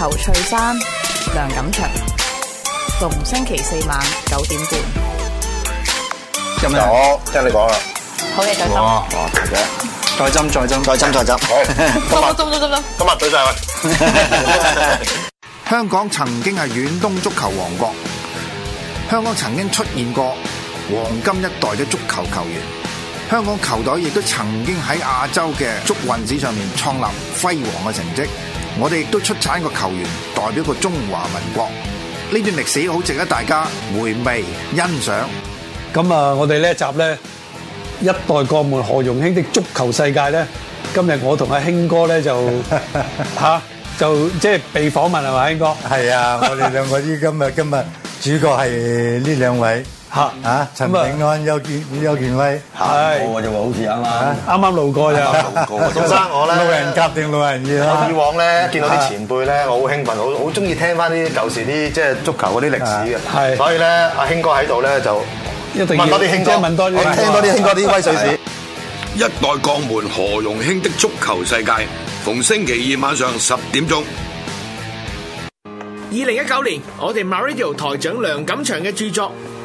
球翠山、梁錦祥，逢星期四晚九點半。有冇？聽你講啦。好嘢，再斟。再斟，再斟，再斟，好，對對對，今日。今日，多 香港曾經係遠東足球王國。香港曾經出現過黃金一代嘅足球球員。香港球隊亦都曾經喺亞洲嘅足運史上面創立輝煌嘅成績。我哋亦都出產個球員代表個中華民國，呢段歷史好值得大家回味欣賞。咁啊，我哋呢一集咧，一代國門何容興的足球世界咧，今日我同阿興哥咧就嚇就即係被訪問係嘛？興哥？係啊，我哋兩個呢今日，今日主角係呢兩位。嚇嚇，陳永安邱建邱建威，係我就話好似啱啱啱啱路過就，先生我咧路人甲定路人乙啦。以往咧見到啲前輩咧，我好興奮，好好中意聽翻啲舊時啲即係足球嗰啲歷史嘅，所以咧阿興哥喺度咧就問多啲興哥，問多啲，我聽多啲興哥啲威水史。一代鋼門何容興的足球世界，逢星期二晚上十點鐘。二零一九年，我哋 MyRadio 台長梁錦祥嘅著作。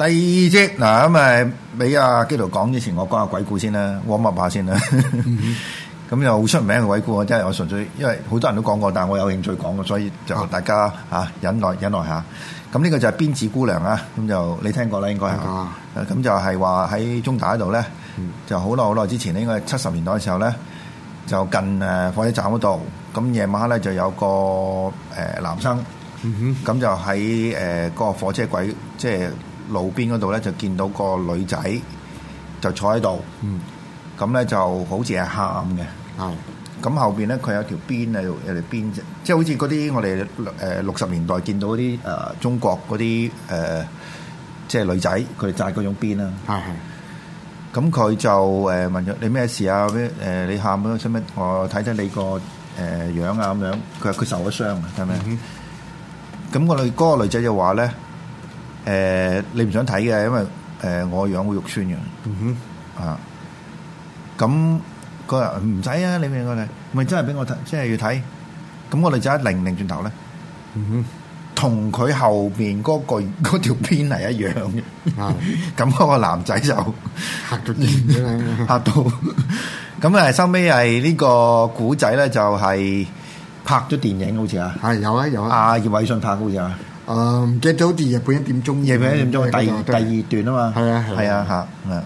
第二隻嗱咁誒，俾阿紀陶講之前，我講下鬼故先啦，我諗下先啦。咁又好出名嘅鬼故，即係我純粹，因為好多人都講過，但我有興趣講嘅，所以就大家嚇、啊、忍耐忍耐下。咁呢個就係辮子姑娘啊，咁就你聽過啦，應該係。咁、嗯、哼就係話喺中大嗰度咧，就好耐好耐之前咧，應該係七十年代嘅時候咧，就近誒火車站嗰度，咁夜晚黑咧就有個誒男生，咁、嗯、哼就喺誒嗰個火車軌，即係。路邊嗰度咧就見到個女仔就坐喺度，嗯，咁咧就好似係喊嘅，係是的，咁後邊咧佢有條辮啊，有條辮即即係好似嗰啲我哋誒六十年代見到嗰啲誒中國嗰啲誒，即係女仔佢哋紮嗰種辮啦，係咁佢就誒問咗你咩事啊？咩你喊啊？使唔使我睇睇你個誒樣啊？咁樣佢話佢受咗傷啊？係咪？咁個女嗰個女仔就話咧。誒，你唔想睇嘅，因為誒我樣個肉酸嘅，啊，咁佢話唔使啊，你唔要啦，咪真係俾我睇，真係要睇，咁我哋就一擰擰轉頭咧，同佢後邊嗰句嗰條片係一樣嘅，啊，咁嗰個男仔就吓到癲啦，吓到，咁啊收尾係呢個古仔咧，就係拍咗電影好似啊，係有啊有啊，阿葉偉信拍嘅好似啊。唔記得咗好似日本一點鐘，夜半一點鐘。第二對第二段啊嘛，係啊係啊係啊，嗰、啊啊啊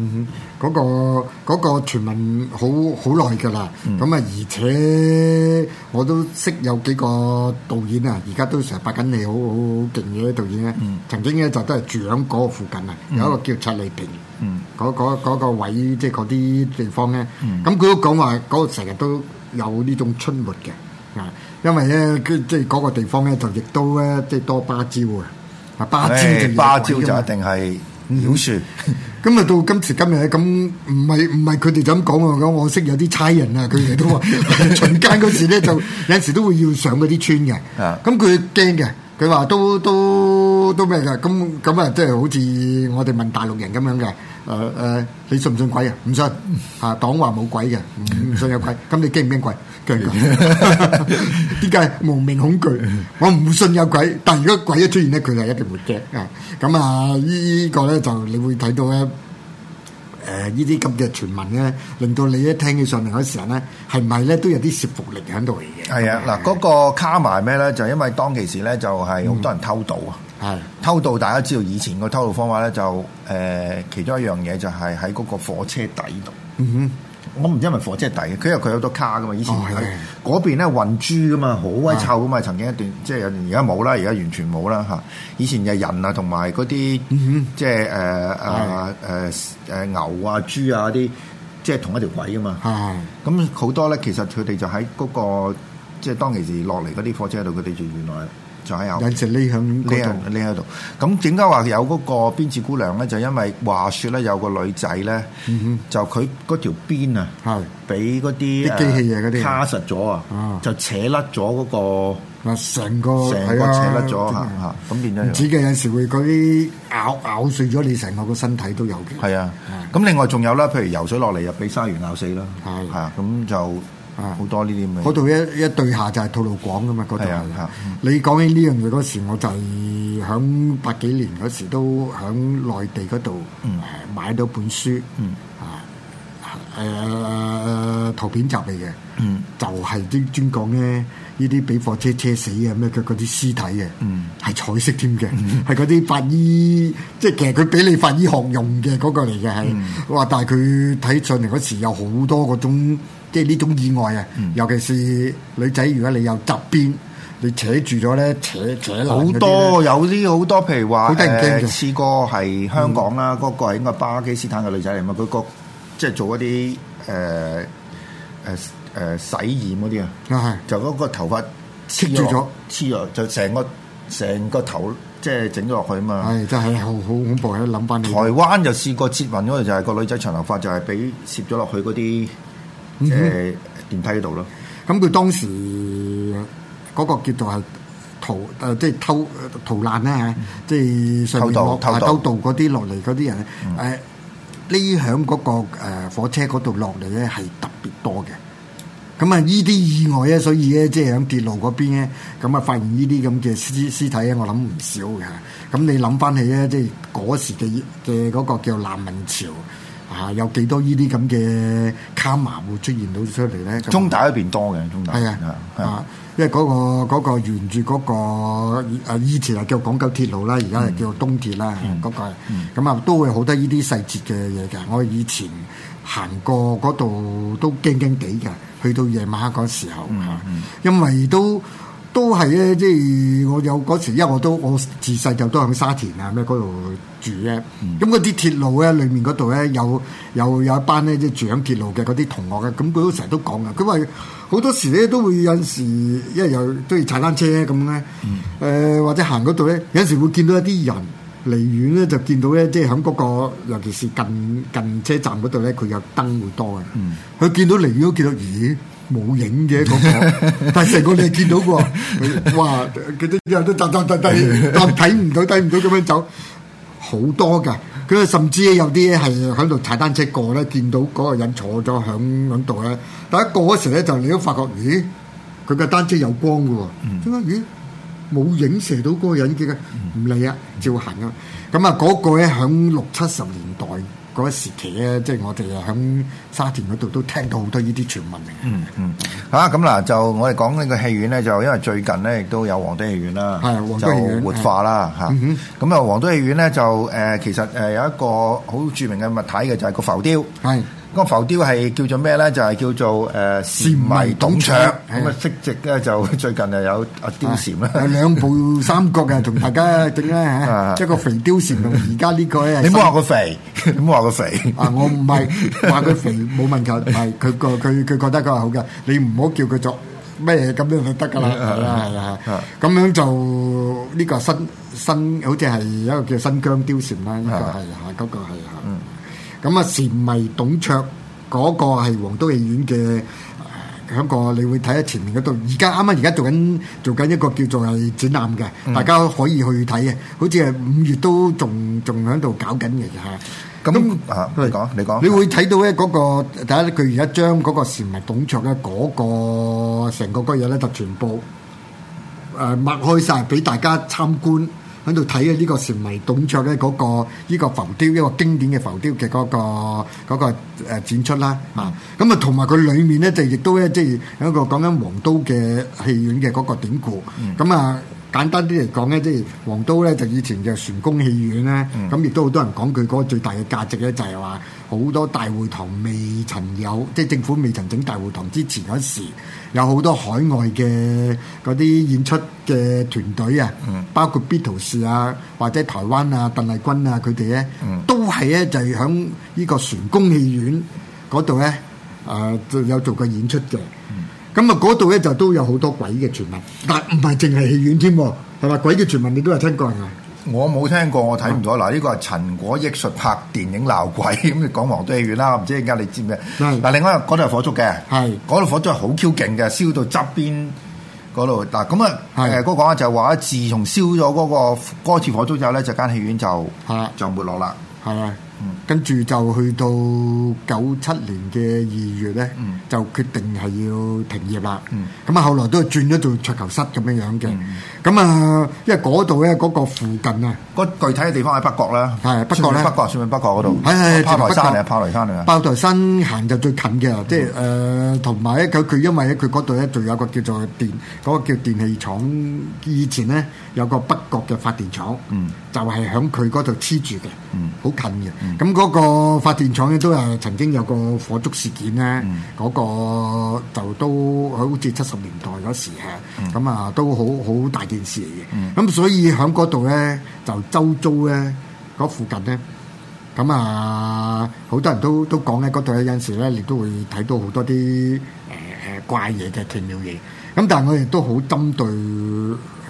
嗯嗰個嗰、嗰個傳聞好好耐㗎啦。咁啊，嗯、而且我都識有幾個導演啊，而家都成日拍緊你好好勁嘅導演咧。嗯、曾經咧就都係住響嗰個附近啊，有一個叫七里坪，嗰、嗯嗰個嗰個位即係嗰啲地方咧。咁佢都講話嗰個成日都有呢種出沒嘅。嗱，因為咧，即係嗰個地方咧，就亦都咧，即係多芭蕉啊！啊，芭蕉就一定係鳥樹。咁啊，到今時今日，咁唔係唔係佢哋就咁講。咁我識有啲差人啊，佢哋都話巡更嗰時咧，就有時都會要上嗰啲村嘅。咁佢驚嘅，佢話都都都咩㗎？咁咁啊，即係好似我哋問大陸人咁樣嘅。誒誒，你信唔信鬼啊？唔信吓，黨話冇鬼嘅，唔信有鬼。咁你驚唔驚鬼？驚唔驚？點解無名恐懼？我唔信有鬼，但係如果鬼一出現咧，佢就一定會驚啊！咁啊，依依個咧就你會睇到咧，誒，依啲咁嘅傳聞咧，令到你一聽起上嚟嗰時候咧，係唔係咧都有啲說服力喺度嚟嘅？係啊，嗱，嗰個卡埋咩咧？就因為當其時咧，就係好多人偷渡啊。係偷渡，大家知道以前個偷渡方法咧，就誒、呃、其中一樣嘢就係喺嗰個火車底度。嗯、哼我唔知係咪火車底，佢又佢有個卡噶嘛。以前嗰邊咧運豬噶嘛，好鬼臭噶嘛。嗯、哼曾經一段即係而家冇啦，而家完全冇啦嚇。以前就係人啊，同埋嗰啲即係誒啊誒誒牛啊豬啊嗰啲，即係、呃嗯、同一條軌噶嘛。咁好多咧，其實佢哋就喺嗰、嗰個即係當其時落嚟嗰啲火車度，佢哋就原來。就喺咬住你喺，匿喺度，匿喺度。咁點解話有嗰個辮子姑娘咧？就因為話說咧，有個女仔咧，就佢嗰條辮啊，係俾嗰啲機器嘢嗰啲卡實咗啊，就扯甩咗嗰個，啊成個成個扯甩咗嚇嚇，咁變咗樣。唔止嘅，有時會佢咬咬碎咗你成個個身體都有嘅。係啊，咁另外仲有咧，譬如游水落嚟又俾鯊魚咬死啦，係啊，咁就。好多呢啲咁嗰度一一對下就係套路講噶嘛，嗰度、啊啊嗯、你講起呢樣嘢嗰時，我就係響八幾年嗰時都響內地嗰度誒買到本書，嗯、啊誒、啊啊、圖片集嚟嘅。嗯、就係啲專講咧呢啲俾貨車車死啊咩腳嗰啲屍體嘅，係、嗯、彩色添嘅，係嗰啲法醫，即係其實佢俾你法醫學用嘅嗰、嗰個嚟嘅係，哇！但係佢睇上嚟嗰時有好多嗰種。即係呢種意外啊！尤其是女仔，如果你有側邊，你扯住咗咧，扯扯爛好多，有啲好多，譬如話試過係香港啦，嗰個係應該巴基斯坦嘅女仔嚟嘛，佢個即係做一啲誒誒誒洗染嗰啲啊，就嗰個頭髮黐住咗，黐咗就成個成個頭即係整咗落去啊嘛，係真係好好恐怖，喺度諗翻。台灣就試過切暈嗰個就係個女仔長頭髮，就係俾攝咗落去嗰啲。即係電梯度咯，咁佢、嗯、當時嗰個叫做係逃，即係偷逃難啦嚇，啊嗯、即係上面落偷渡嗰啲落嚟嗰啲人咧，誒匿響嗰個火車嗰度落嚟咧，係特別多嘅。咁、嗯、啊，呢啲意外咧、啊，所以咧、啊、即係響鐵路嗰邊咧、啊，咁、嗯、啊發現呢啲咁嘅屍屍體咧、啊，我諗唔少嘅。咁、嗯、你諗翻起咧、啊，即係嗰時嘅嘅嗰個叫難民潮。啊！有幾多呢啲咁嘅卡盲會出現到出嚟咧？中大嗰邊多嘅，中大係啊啊！啊啊因為嗰、嗰個嗰個沿住嗰、嗰個以前係叫廣九鐵路啦，而家係叫東鐵啦嗰、嗯、個。咁啊、嗯嗯、都會好多呢啲細節嘅嘢嘅。我以前行過嗰度都驚驚哋嘅，去到夜晚黑嗰時候嚇，嗯嗯、因為都。都係咧，即係我有嗰時，因為我都我自細就都響沙田啊咩嗰度住嘅。咁嗰啲鐵路咧，裏面嗰度咧有有有，有一班咧，即係住響鐵路嘅嗰啲同學嘅。咁佢都成日都講啊，佢話好多時咧都會有時，因為有都要踩單車咁咧。誒、呃、或者行嗰度咧，有時會見到一啲人離遠咧就見到咧，即係響嗰個尤其是近近車站嗰度咧，佢有燈會多嘅。佢、嗯、見到離遠都見到咦？冇影嘅嗰個，但成個你係見到嘅喎，哇！佢都又都踏踏踏低，但睇唔到，睇唔到咁樣走好多㗎。佢甚至咧有啲係喺度踩單車過咧，見到嗰個人坐咗響響度咧。但一過嗰時咧，就你都發覺咦，佢嘅單車有光㗎喎，點解咦冇影射到嗰個人嘅？唔理啊，照行啊。咁啊，嗰個咧響六七十年代。嗰時期咧，即、就、係、是、我哋啊響沙田嗰度都聽到好多呢啲傳聞嘅、嗯。嗯、啊、嗯，嚇，咁嗱就我哋講呢個戲院咧，就因為最近咧亦都有皇都戲院啦，係就活化啦嚇。咁啊，皇都戲院咧就誒、呃、其實誒有一個好著名嘅物體嘅就係、是、個浮雕。係。個浮雕係叫做咩咧？就係叫做誒，蟬迷董卓咁嘅色澤咧，就最近又有阿貂蟬啦。係兩部三國嘅，同大家整咧吓？即係個肥貂蟬同而家呢個。你唔好話佢肥，唔好話佢肥。啊，我唔係話佢肥，冇問題。係佢個佢佢覺得佢係好嘅。你唔好叫佢做咩嘢咁樣就得噶啦，係啦係啦。咁樣就呢個新新，好似係一個叫新疆貂蟬啦。應該係吓，嗰個係吓。咁啊，蟬迷董卓嗰個係皇都戲院嘅。喺、呃、個你會睇喺前面嗰度，而家啱啱而家做緊做緊一個叫做係展覽嘅，嗯、大家可以去睇嘅。好似係五月都仲仲喺度搞緊嘅嚇。咁、嗯嗯、那啊，你講你講，你，你會睇到咧、那、嗰個第一，佢而家將嗰個蟬迷董卓嘅、那、嗰個成個嗰嘢咧就全部誒擘、呃、開晒俾大家參觀。喺度睇嘅呢個蟬迷董卓咧，嗰個呢個浮雕，一個經典嘅浮雕嘅嗰、那個嗰、那個、展出啦、嗯、啊！咁啊，同埋佢裏面咧就亦都咧即係有一個講緊皇都嘅戲院嘅嗰個典故。咁、嗯、啊，簡單啲嚟講咧，即、就、係、是、皇都咧就以前就璇宮戲院咧。咁亦、嗯、都好多人講佢嗰個最大嘅價值咧，就係話好多大會堂未曾有，即、就、係、是、政府未曾整大會堂之前嗰時。有好多海外嘅嗰啲演出嘅團隊啊，嗯、包括 Beatles 啊，或者台灣啊、鄧麗君啊佢哋咧，呢嗯、都係咧就係響呢個璇宮戲院嗰度咧，啊、呃、有做過演出嘅。咁啊嗰度咧就都有好多鬼嘅傳聞，但唔係淨係戲院添、啊，係嘛？鬼嘅傳聞你都係聽過係咪？我冇聽過，我睇唔到。嗱，呢個係陳果益術拍電影鬧鬼，咁你講黃地戲院啦，唔知而家你知唔知？嗱的，另外嗰度係火燭嘅，嗰度的火燭係好 Q 勁嘅，燒到側邊嗰度。嗱，咁啊的，誒嗰個講咧就係話，自從燒咗嗰、嗰個嗰次火燭之後咧，就間戲院就的就沒落啦。跟住就去到九七年嘅二月咧，就決定係要停業啦。咁啊，後來都轉咗做桌球室咁樣樣嘅。咁啊，因為嗰度咧，嗰個附近啊，嗰具體嘅地方喺北角啦，係北角咧，北角算係北角嗰度，係係炮台山嚟，炮台山嚟。炮台山行就最近嘅，即係誒，同埋咧佢佢因為咧佢嗰度咧仲有個叫做電嗰個叫電器廠，以前咧有個北角嘅發電廠，就係喺佢嗰度黐住嘅，好近嘅。咁嗰、嗯、個發電廠咧都係曾經有個火燭事件咧，嗰、嗯、個就都好似七十年代嗰時咁、嗯、啊都好好大件事嚟嘅。咁、嗯、所以喺嗰度咧，就周遭咧，嗰附近咧，咁啊好多人都都講咧，嗰度有陣時咧，亦都會睇到好多啲誒、呃、怪嘢嘅奇妙嘢。咁但係我亦都好針對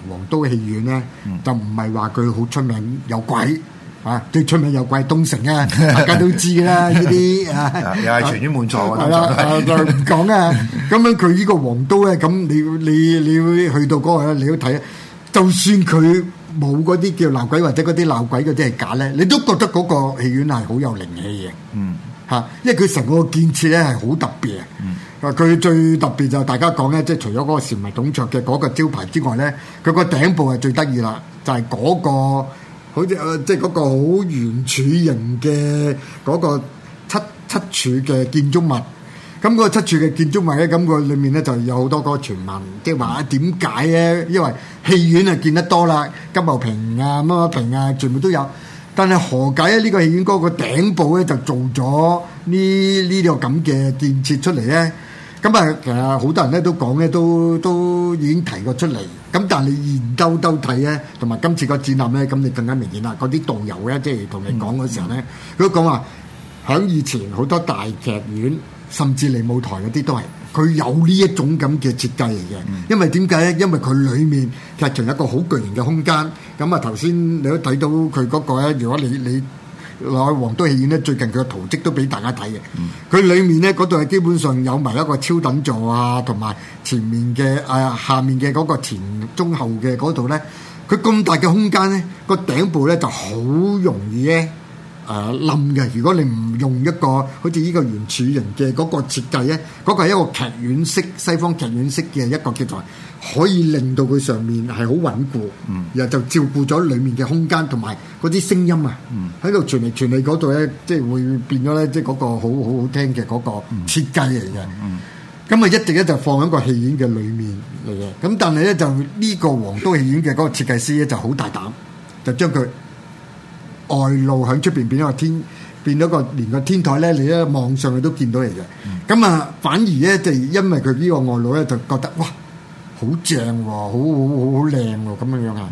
黃都戲院咧，嗯、就唔係話佢好出名有鬼。啊！最出名又怪東城啊，大家都知啦。呢啲又係全院滿座。係啦，講啊，咁樣佢呢個黃都咧，咁你你你會去到嗰、那個咧，你要睇，就算佢冇嗰啲叫鬧鬼或者嗰啲鬧鬼嗰啲係假咧，你都覺得嗰個戲院係好有靈氣嘅。嗯，吓，因為佢成個建設咧係好特別、嗯、啊。佢最特別就係大家講咧，即係除咗嗰個神迷董卓嘅嗰個招牌之外咧，佢個頂部係最得意啦，就係、是、嗰、那個。好似誒，即係嗰個好圓柱形嘅嗰個七七柱嘅建築物，咁嗰個七柱嘅建築物咧，咁佢裡面咧就有好多個傳聞，即係話點解咧？因為戲院啊見得多啦，金茂坪啊、乜乜坪啊，全部都有，但係何解咧？呢、呢個戲院嗰個頂部咧就做咗呢呢個咁嘅建設出嚟咧？咁啊，其實好多人咧都講咧，都都已經提過出嚟。咁但係你研究、研究睇咧，同埋今次個展覽咧，咁你更加明顯啦。嗰啲導遊咧，即係同你講嗰時候咧，佢都講話喺以前好多大劇院甚至你舞台嗰啲都係，佢有呢一種咁嘅設計嚟嘅。因為點解咧？因為佢裡面劇場有一個好巨型嘅空間。咁啊，頭先你都睇到佢嗰、嗰個咧，如果你你。落去黃都戲院咧，最近佢嘅圖跡都俾大家睇嘅。佢、嗯、裡面咧嗰度係基本上有埋一個超等座啊，同埋前面嘅誒、啊、下面嘅嗰個前中後嘅嗰度咧，佢咁大嘅空間咧，個頂部咧就好容易咧誒冧嘅。如果你唔用一個好似呢個圓柱形嘅嗰個設計咧，嗰、那個係一個劇院式，西方劇院式嘅一個劇台，可以令到佢上面係好穩固，然、嗯、又就照顧咗裏面嘅空間同埋嗰啲聲音啊，喺度、嗯、傳嚟傳嚟嗰度咧，即係會變咗咧，即係嗰個好好好聽嘅嗰個設計嚟嘅。咁啊、嗯，嗯、一直咧就放喺個戲院嘅裏面嚟嘅。咁、嗯、但係咧就呢個皇都戲院嘅嗰個設計師咧就好大膽，就將佢外露喺出邊變咗個天，變咗個連個天台咧，你喺網上嘅都見到嚟嘅。咁啊、嗯，反而咧就因為佢呢個外露咧，就覺得哇！好正喎、啊，好好好好靚喎，咁樣樣啊，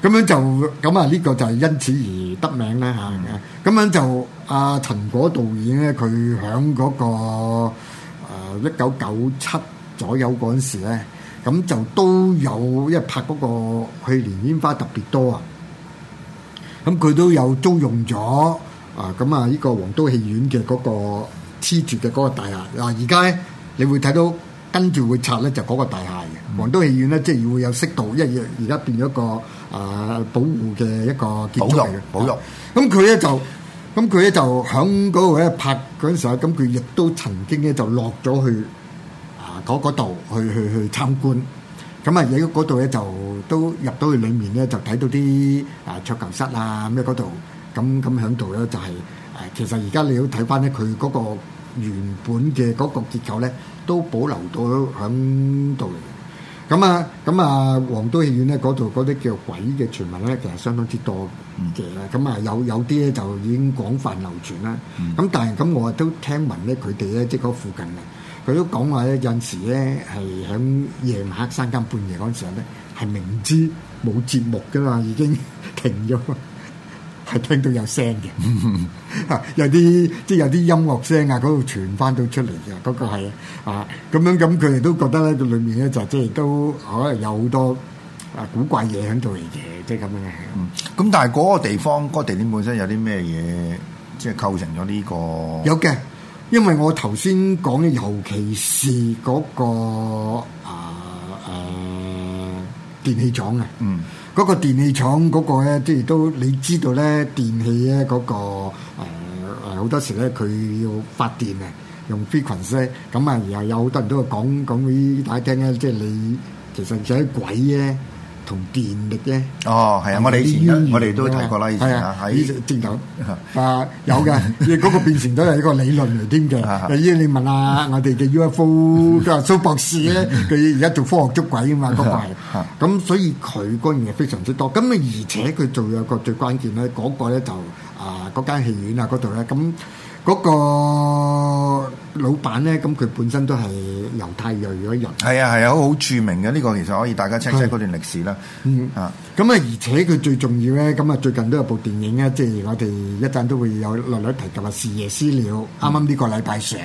咁樣、嗯、樣就咁啊，呢個就係因此而得名啦。嚇、嗯，咁樣就阿、啊、陳果導演咧，佢喺嗰個誒一九九七左右嗰陣時咧，咁就都有一拍嗰個去年煙花特別多啊，咁佢都有租用咗啊，咁啊呢個皇都戲院嘅嗰個黐住嘅嗰個大廈嗱，而家咧你會睇到。跟住會拆咧，就嗰個大廈嘅黃都戲院咧，即係會有適度，因為而家變咗個誒、呃、保護嘅一個建築嚟保育住，咁佢咧就，咁佢咧就響嗰個位拍嗰陣時候，咁佢亦都曾經咧就落咗去啊嗰度去去去參觀。咁啊，喺嗰度咧就都入到去裡面咧，就睇到啲啊桌球室啊咩嗰度。咁咁響度咧就係、是、誒、啊，其實而家你要睇翻咧，佢嗰個。原本嘅嗰個結構咧，都保留到喺度嚟嘅。咁啊，咁啊，黃都戲院咧嗰度嗰啲叫鬼嘅傳聞咧，其實相當之多嘅啦。咁啊、嗯，有有啲咧就已經廣泛流傳啦。咁、嗯、但係咁，我都聽聞咧，佢哋咧即係嗰附近啊，佢都講話咧，有陣時咧係喺夜晚黑三更半夜嗰陣時候咧，係明知冇節目嘅嘛，已經停咗。嗯 係聽到有聲嘅、 啊，有啲即係有啲音樂聲啊，嗰度傳翻到出嚟嘅，嗰、嗰個係啊，咁樣咁佢哋都覺得咧、就是，喺裏面咧就即係都可能、啊、有好多啊古怪嘢喺度嚟嘅，即係咁樣嘅。嗯，咁但係嗰個地方嗰、嗰個地點本身有啲咩嘢，即係構成咗呢、呢個？有嘅，因為我頭先講嘅，尤其是嗰、嗰個啊啊電器廠啊，嗯。嗰個電氣廠嗰個咧，即係都你知道咧，電器咧嗰個誒誒好多時咧，佢要發電啊，用 frequency，咁啊，然後有好多人都講講，畀大家聽咧，即係你其實係鬼咧。同電力啫，哦，係啊，我哋以前我哋都提過啦，以前啊，喺電紐啊，有嘅，嗰個變成咗係一個理論嚟添嘅。至於你問下，我哋嘅 UFO 嘅蘇博士咧，佢而家做科學捉鬼啊嘛，嗰排，咁所以佢嗰樣嘢非常之多。咁啊，而且佢做有個最關鍵咧，嗰個咧就啊，嗰間戲院啊嗰度咧咁。嗰個老闆咧，咁佢本身都係猶太裔嘅人，係啊係啊，好好著名嘅呢個，其實可以大家清聽嗰段歷史啦。嗯啊，咁啊，而且佢最重要咧，咁啊，最近都有部電影咧，即係我哋一陣都會有略略提及啊，史夜私了，啱啱呢個禮拜上，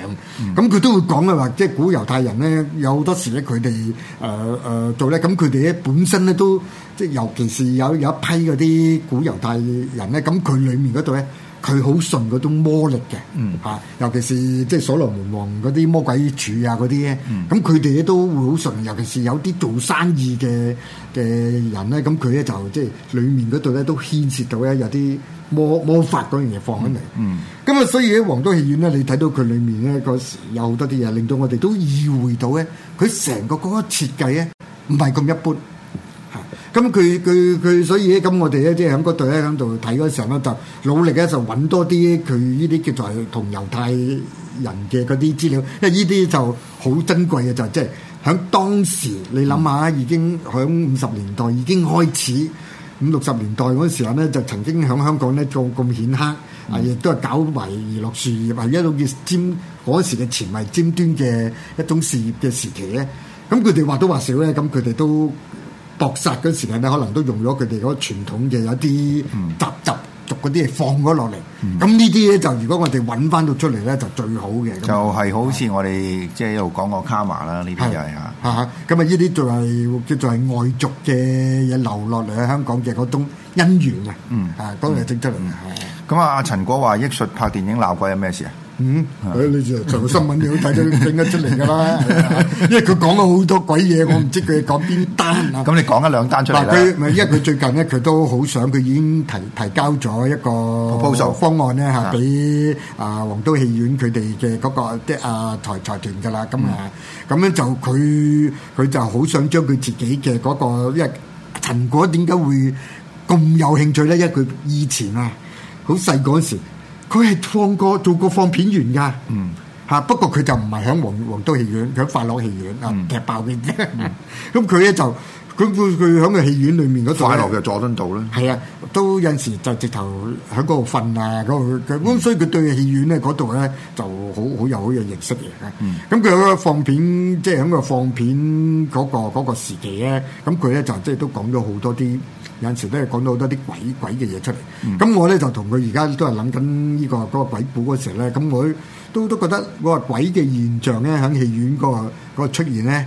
咁佢、嗯、都會講嘅話，即係古猶太人咧，有好多時咧，佢哋誒誒做咧，咁佢哋咧本身咧都即係尤其是有有一批嗰啲古猶太人咧，咁佢裡面嗰度咧。佢好純嗰種魔力嘅，嚇、嗯，尤其是即係所羅門王嗰啲魔鬼柱啊嗰啲，咁佢哋咧都會好純，尤其是有啲做生意嘅嘅人咧，咁佢咧就即係、就是、裡面嗰度咧都牽涉到咧有啲魔魔法嗰樣嘢放喺嚟，咁啊、嗯，嗯、所以喺黃都戲院咧，你睇到佢裡面咧嗰有好多啲嘢，令到我哋都意會到咧，佢成個嗰個設計咧唔係咁一般。咁佢佢佢所以咧，咁我哋咧即係喺嗰度咧，喺度睇嗰時候咧，就努力咧就揾多啲佢呢啲叫做同猶太人嘅嗰啲資料，因為呢啲就好珍貴嘅，就即係喺當時你諗下，已經喺五十年代已經開始五六十年代嗰陣時候咧，就曾經喺香港咧做咁顯赫，啊亦都係搞埋娛樂事業，係一路叫尖嗰時嘅前衞尖端嘅一種事業嘅時期咧。咁佢哋話多話少咧，咁佢哋都，搏殺嗰時間咧，可能都用咗佢哋嗰傳統嘅一啲雜雜族嗰啲嘢放咗落嚟。咁呢啲咧就如果我哋揾翻到出嚟咧，就最好嘅。就係好似我哋即係一路講個卡瑪啦，呢啲就係吓。咁啊，呢啲就係叫做就係外族嘅嘢流落嚟喺香港嘅嗰種姻緣啊。嗯，吓嗰個整出咁啊，阿陳果話藝術拍電影鬧鬼有咩事啊？嗯嗯嗯嗯嗯嗯，佢你就上新聞，你都睇到整得出嚟噶啦。因為佢講咗好多鬼嘢，我唔知佢講邊單啊？咁你講一兩單出嚟啦。咪因為佢最近咧，佢都好想，佢已經提提交咗一個 proposal 方案咧吓，俾啊皇都戲院佢哋嘅嗰個即係啊財財團噶啦。咁啊，咁樣就佢佢就好想將佢自己嘅嗰個，因為陳果點解會咁有興趣咧？因為佢以前啊，好細嗰時。佢係放過、做過放片員噶，吓、嗯啊，不過佢就唔係響黃黃都戲院，響快樂戲院、嗯、啊，踢爆片，咁佢咧就。佢佢佢喺個戲院裏面嗰度快樂嘅佐敦道咧，係啊，都有時就直頭喺嗰度瞓啊，嗰咁，嗯、所以佢對戲院咧嗰度咧就好好有好有認識嚟嘅。咁佢，嗯、有個放片即係喺個放片嗰，就是那個嗰，那個，時期咧，咁佢咧就即，是，係都講咗好多啲有時咧講咗好多啲鬼鬼嘅嘢出嚟。咁，嗯、我咧就同佢而家都係諗緊呢個嗰鬼古嗰時咧，咁我都都覺得嗰個鬼嘅現象咧喺戲院，那個，那個出現咧。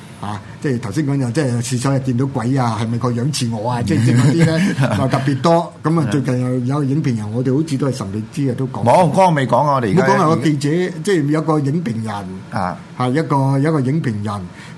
啊！即係頭先講又即係廁所又見到鬼啊！係咪個樣似我啊？即係即係嗰啲咧就特別多。咁啊，最近有有影評人，我哋好似都係神秘之夜啊，都講冇，剛未講啊，我哋。你講下個記者，即係有個影評人啊，係一個一個影評人，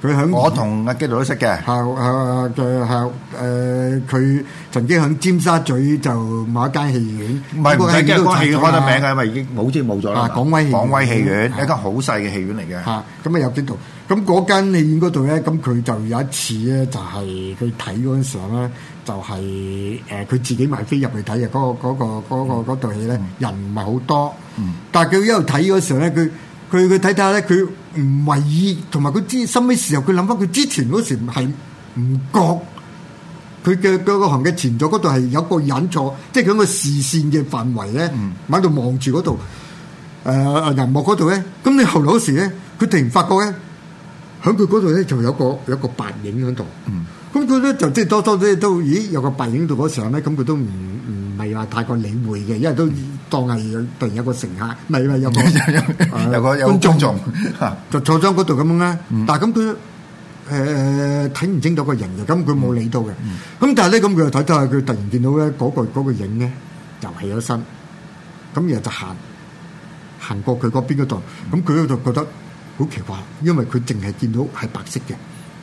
佢響我同阿基老都識嘅，係係係誒，佢曾經響尖沙咀就買間戲院，唔係唔係，即係個戲院開得名啊，因為已經冇即係冇咗啦。啊，港威戲院，一間好細嘅戲院嚟嘅。嚇，咁啊有邊度？咁嗰間戲院嗰度咧，咁佢就有一次咧，就係佢睇嗰陣時候咧，就係誒佢自己買飛入去睇嘅嗰個嗰、嗰個嗰套戲咧，嗰個、人唔係好多，嗯、但係佢一路睇嗰陣時咧，佢佢佢睇睇下咧，佢唔為意，同埋佢之深屘時候，佢諗翻佢之前嗰時唔係唔覺，佢嘅嗰個行嘅前座嗰度係有個人坐，即係佢個視線嘅範圍咧，喺度望住嗰度誒人幕嗰度咧，咁你後嚟嗰時咧，佢突然發覺咧。喺佢嗰度咧，就有一個有一個白影喺度。嗯，咁佢咧就即係多多咧都，咦，有個白影到嗰時候咧，咁佢都唔唔係話太過理會嘅，因為都當係突然有個乘客，咪咪有個有個有個有個觀眾吓，就坐喺嗰度咁樣咧。但係咁佢誒睇唔清楚個人嘅，咁佢冇理到嘅。咁但係咧，咁佢又睇睇下，佢突然見到咧嗰個嗰個影咧又起咗身，咁然後就行行過佢嗰邊嗰度，咁佢嗰度覺得。好奇怪，因為佢淨係見到係白色嘅，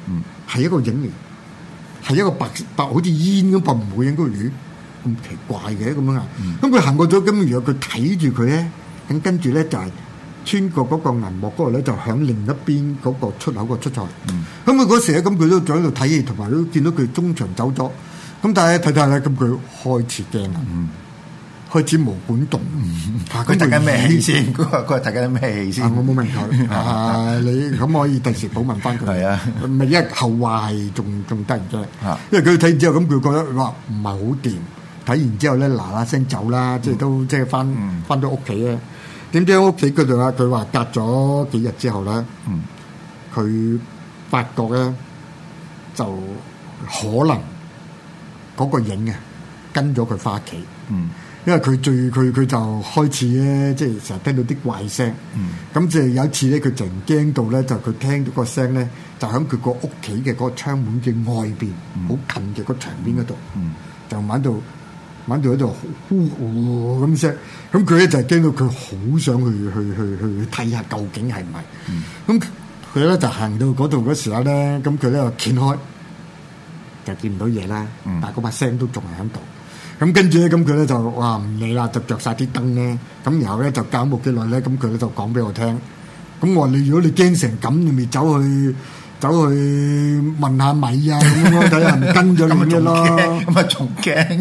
嗯，係一個影嚟，係一個白色白好似煙咁，但唔會影到魚咁奇怪嘅咁樣啊。咁佢行過咗金魚，佢睇住佢咧，咁跟住咧就係穿過嗰個銀幕嗰度咧，就響另一邊嗰個出口個出咗。咁佢嗰時咧，咁佢都喺度睇，同埋都見到佢中場走咗。咁但係睇睇下咧，咁佢開始驚啦。嗯嗯開始無管動，佢睇緊咩戲先？佢話佢話睇緊咩戲先？我冇問佢。啊，你咁可以第時訪問翻佢。係啊，咁咪一後話係仲仲得唔得？啊，因為佢睇完之後，咁佢覺得哇唔係好掂。睇完之後咧，嗱嗱聲走啦，即係都即係翻翻到屋企咧。點知喺屋企嗰度啊？佢話隔咗幾日之後咧，佢發覺咧就可能嗰個影啊跟咗佢翻屋企。嗯。因為佢最佢佢就開始咧，即係成日聽到啲怪聲。咁即係有一次咧，佢就驚到咧，就佢聽到個聲咧，就喺佢個屋企嘅嗰個窗門嘅外邊，好、嗯、近嘅個牆邊嗰度，就玩到玩到喺度呼呼咁聲。咁佢咧就驚到佢好想去去去去睇下究竟係唔係。咁佢咧就行到嗰度嗰時候咧，咁佢咧就掀開，就見唔到嘢啦。但係嗰把聲都仲係喺度。咁跟住咧，咁佢咧就話唔理啦，就著曬啲燈咧。咁然後咧就搞冇幾耐咧，咁佢咧就講俾我聽。咁我話你，如果你驚成咁，你咪走去走去問下米啊，咁睇下跟咗你啫咯。咁啊，仲驚？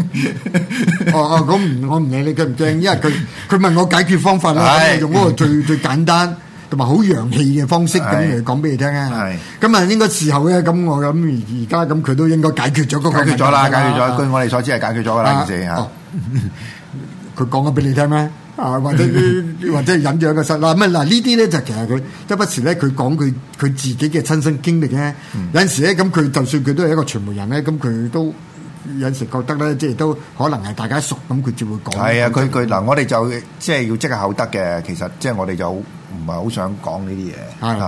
哦哦，咁唔，我唔理你驚唔驚，因為佢佢問我解決方法啦，用嗰個最最簡單。同埋好洋氣嘅方式咁嚟講俾你聽啊！咁啊，應該時候咧，咁我諗而家咁佢都應該解決咗嗰個解決咗啦，解決咗據我哋所知係解決咗噶啦，有時嚇。佢講咗俾你聽咩？啊，或者或者忍咗個失嗱咩嗱？呢啲咧就其實佢一不時咧，佢講佢佢自己嘅親身經歷咧，有陣時咧咁佢就算佢都係一個傳媒人咧，咁佢都有時覺得咧，即係都可能係大家熟，咁佢就會講。係啊，佢佢嗱，我哋就即係要即係口德嘅，其實即係我哋就。唔係好想講呢啲嘢嚇，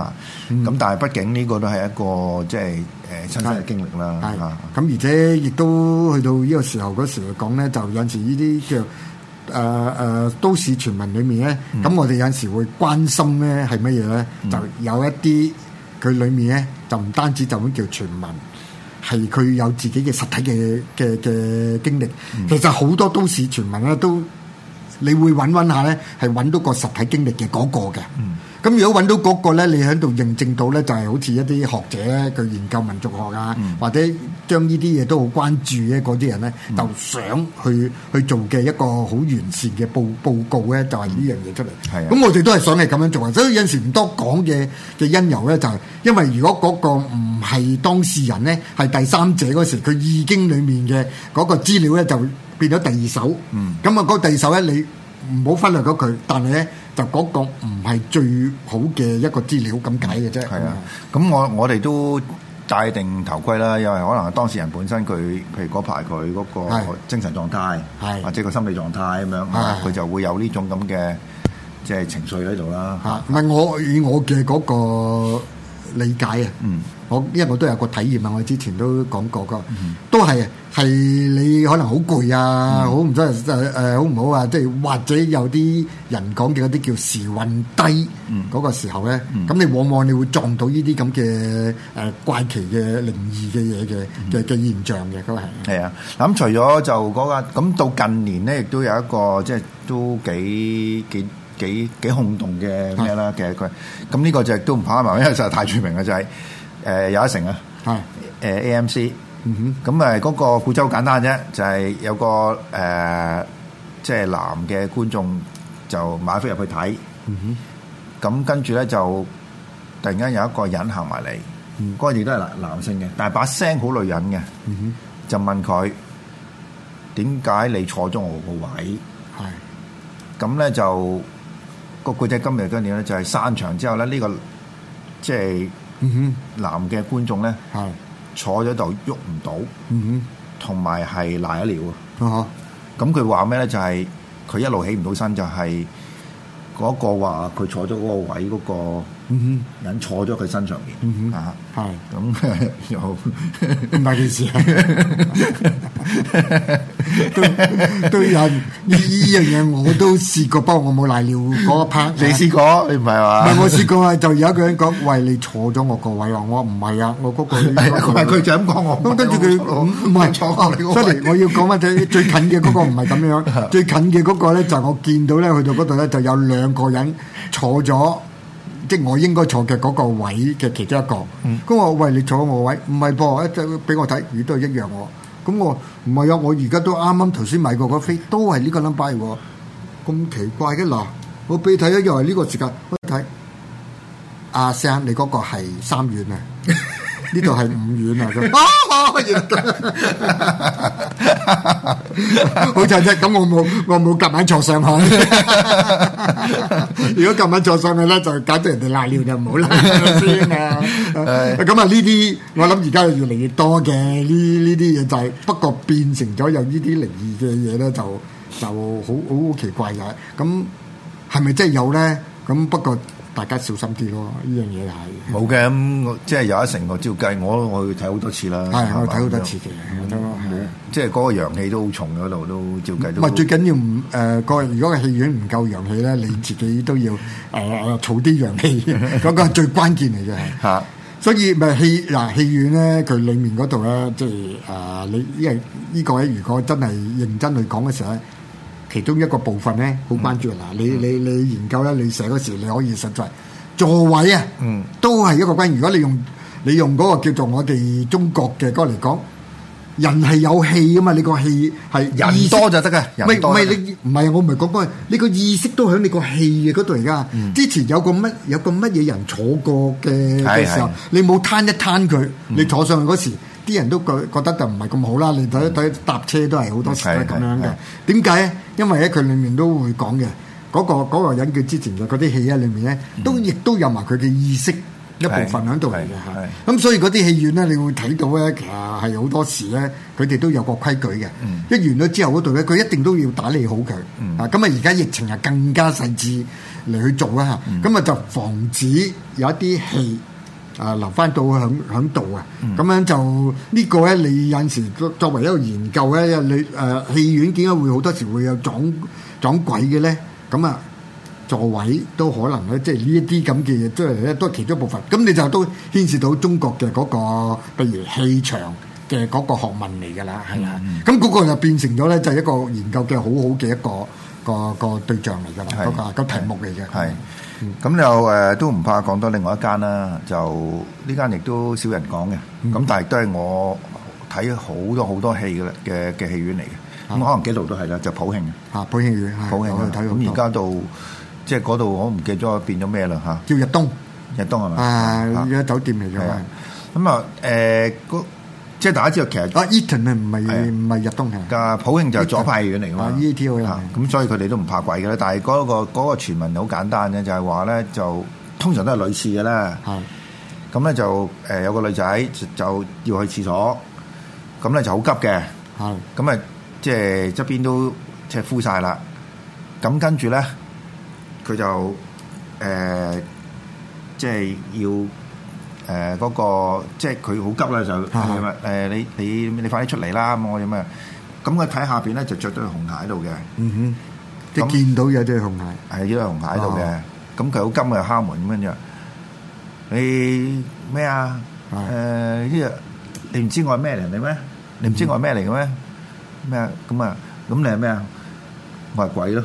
咁、嗯、但係畢竟呢個都係一個即係誒親身嘅經歷啦。咁而且亦都去到呢個時候嗰時候講咧，就有時呢啲叫誒誒、呃呃、都市傳聞裏面咧，咁、嗯、我哋有時會關心咧係乜嘢咧？就有一啲佢裏面咧就唔單止就咁叫傳聞，係佢有自己嘅實體嘅嘅嘅經歷。嗯嗯、其實好多都市傳聞咧都。你會揾揾下咧，係揾到個實體經歷嘅嗰個嘅。咁、嗯、如果揾到嗰、嗰個咧，你喺度認證到咧，就係好似一啲學者佢研究民族學啊，嗯、或者將呢啲嘢都好關注嘅嗰啲人咧，就想去、嗯、去做嘅一個好完善嘅報報告咧，就係呢樣嘢出嚟。咁我哋都係想係咁樣做啊，所以有陣時唔多講嘢嘅因由咧，就係因為如果嗰個唔係當事人咧，係第三者嗰時，佢易經裡面嘅嗰個資料咧就。變咗第二手，咁啊，嗰第二手咧，你唔好忽略咗佢，但係咧就嗰個唔係最好嘅一個資料咁解嘅啫。係啊，咁我我哋都戴定頭盔啦，因為可能當事人本身佢，譬如嗰排佢嗰個精神狀態，係或者個心理狀態咁樣，佢就會有呢種咁嘅即係情緒喺度啦。嚇，唔係我以我嘅嗰個理解啊。嗯。我因為我都有個體驗啊！我之前都講過個，都係係你可能好攰啊，好唔得誒誒，好唔、呃、好啊？即係或者有啲人講嘅嗰啲叫時運低嗰、嗯、個時候咧，咁、嗯、你往往你會撞到呢啲咁嘅誒怪奇嘅靈異嘅嘢嘅嘅嘅現象嘅，咁係。係啊，咁除咗就嗰、嗰個咁到近年咧，亦都有一個即係都幾幾幾幾轟動嘅咩啦？嘅一佢咁呢個就都唔怕問，因為實在太著名嘅就係、係。 誒又一城啊，係誒 AMC，嗯哼，咁誒嗰個故仔好簡單啫，就係有個誒即係男嘅觀眾就買飛入去睇，嗯哼，咁跟住咧就突然間有一個人行埋嚟，嗯，嗰時亦都係男男性嘅，但係把聲好女人嘅，嗯哼，就問佢點解你坐咗我個位？係，咁咧就個故仔今日嘅點咧就係散場之後咧呢個即係。嗯哼，男嘅觀眾咧，坐咗度喐唔到，嗯哼，同埋係瀨咗尿，啊嚇，咁佢話咩咧？就係佢一路起唔到身，就係嗰個話佢坐咗嗰個位嗰個。嗯哼，人坐咗佢身上邊，啊係咁有唔係件事，都都人，呢樣嘢，我都試過，不過我冇瀨尿嗰 part。一你試過？啊、你唔係嘛？唔係我試過啊，就有一個人講：喂，你坐咗我個位啦！我話唔係啊，我嗰個佢就咁講我，我。咁跟住佢唔唔係坐翻嚟，我嚟我要講乜嘢？最近嘅嗰個唔係咁樣， 最近嘅嗰個咧就是、我見到咧去到嗰度咧就有兩個人坐咗。即我應該坐嘅嗰個位嘅其中一個，咁我、嗯、喂，你坐我位，唔係噃，俾我睇，佢都係一樣我，咁我唔係啊，我而家都啱啱頭先買過個飛，都係呢個 number 喎，咁奇怪嘅，嗱，我俾睇一樣係呢個時間，我睇，阿 Sam，你嗰個係三月啊。 呢度係五院啊！好 好，好就啫。咁我冇，我冇夾硬坐上去。 如果夾硬坐上去咧，就搞到人哋瀨尿就唔好啦。先啊！咁啊，呢啲我諗而家越嚟越多嘅呢呢啲嘢就係，不過變成咗有，有呢啲靈異嘅嘢咧，就就好好奇怪嘅。咁係咪真係有咧？咁不過。大家小心啲咯，呢樣嘢又係。冇嘅咁，即係有一成我照計，我我去睇好多次啦。係、嗯，吧我睇好多次嘅，嗯、的即係嗰個陽氣都好重嗰度都照計都。唔係最緊要唔誒個？如果個戲院唔夠陽氣咧，你自己都要誒誒儲啲陽氣，嗰個係最關鍵嚟嘅。嚇！ 所以咪係戲嗱、啊、戲院咧，佢裡面嗰度咧，即係誒、呃、你依係依個咧，如果真係認真去講嘅時候咧。其中一個部分咧，好、嗯、關注嗱，你你你研究咧，你寫嗰時你可以實在座位啊，都係一個關。如果你用你用嗰個叫做我哋中國嘅歌嚟講，人係有氣噶嘛？你個氣係人多就得嘅，唔係你唔係我唔係講嗰個，你個意識都喺你個氣嘅嗰度而家。嗯、之前有個乜有個乜嘢人坐過嘅時候，是是你冇攤一攤佢，嗯、你坐上去嗰時。啲人都覺覺得就唔係咁好啦，你睇睇搭車都係好多時都係咁樣嘅。點解咧？因為咧佢裏面都會講嘅，嗰、嗰個嗰、嗰個人之前嘅嗰啲戲咧裏面咧，都亦都有埋佢嘅意識一部分喺度嚟嘅嚇。咁所以嗰啲戲院咧，你會睇到咧，其實係好多時咧，佢哋都有個規矩嘅。嗯、一完咗之後嗰度咧，佢一定都要打理好佢。啊、嗯，咁啊而家疫情啊更加細緻嚟去做啦嚇。咁啊、嗯、就防止有一啲戲。啊、呃！留翻到響響度啊！咁、嗯、樣、嗯、就呢、呢個咧，你有時作作為一個研究咧，你誒、呃、戲院點解會好多時會有撞撞鬼嘅咧？咁啊，座位都可能咧，即係呢一啲咁嘅嘢出嚟咧，都係其中一部分。咁你就都牽涉到中國嘅嗰、嗰個，譬如戲場嘅嗰個學問嚟㗎啦，係嘛？咁嗰、嗯、個就變成咗咧，就係一個研究嘅好好嘅一個一個一個對象嚟㗎啦，個是個題目嚟嘅。係。咁又誒都唔怕講到另外一間啦，就呢間亦都少人講嘅，咁但係都係我睇好多好多戲嘅嘅嘅戲院嚟嘅，咁可能幾度都係啦，就普慶啊普慶院，普慶院睇咁而家到即係嗰度，我唔記咗變咗咩啦嚇，叫日東，日東係咪啊？而家酒店嚟嘅，咁啊誒嗰。即係大家知道其實啊，Eaton 係唔係唔係入東平？啊，普慶就係左派院嚟㗎嘛。咁所以佢哋都唔怕鬼㗎啦。但係嗰個嗰個傳聞好簡單嘅，就係話咧，就通常都係女廁㗎啦。咁咧就誒有個女仔就要去廁所，咁咧就好急嘅。咁啊，即係側邊都即係敷曬啦。咁跟住咧，佢就誒即係要。誒嗰個即係佢好急啦，就誒你你你快啲出嚟啦。咁我，咁啊，咁佢睇下邊咧，就著咗紅鞋喺度嘅，即係見到有隻紅鞋，係啲紅鞋喺度嘅。咁佢好急啊，又敲門咁樣啫。你咩啊？誒呢個你唔知我係咩人嚟咩？你唔知我係咩嚟嘅咩？咩啊？咁啊？咁你係咩啊？我係鬼咯。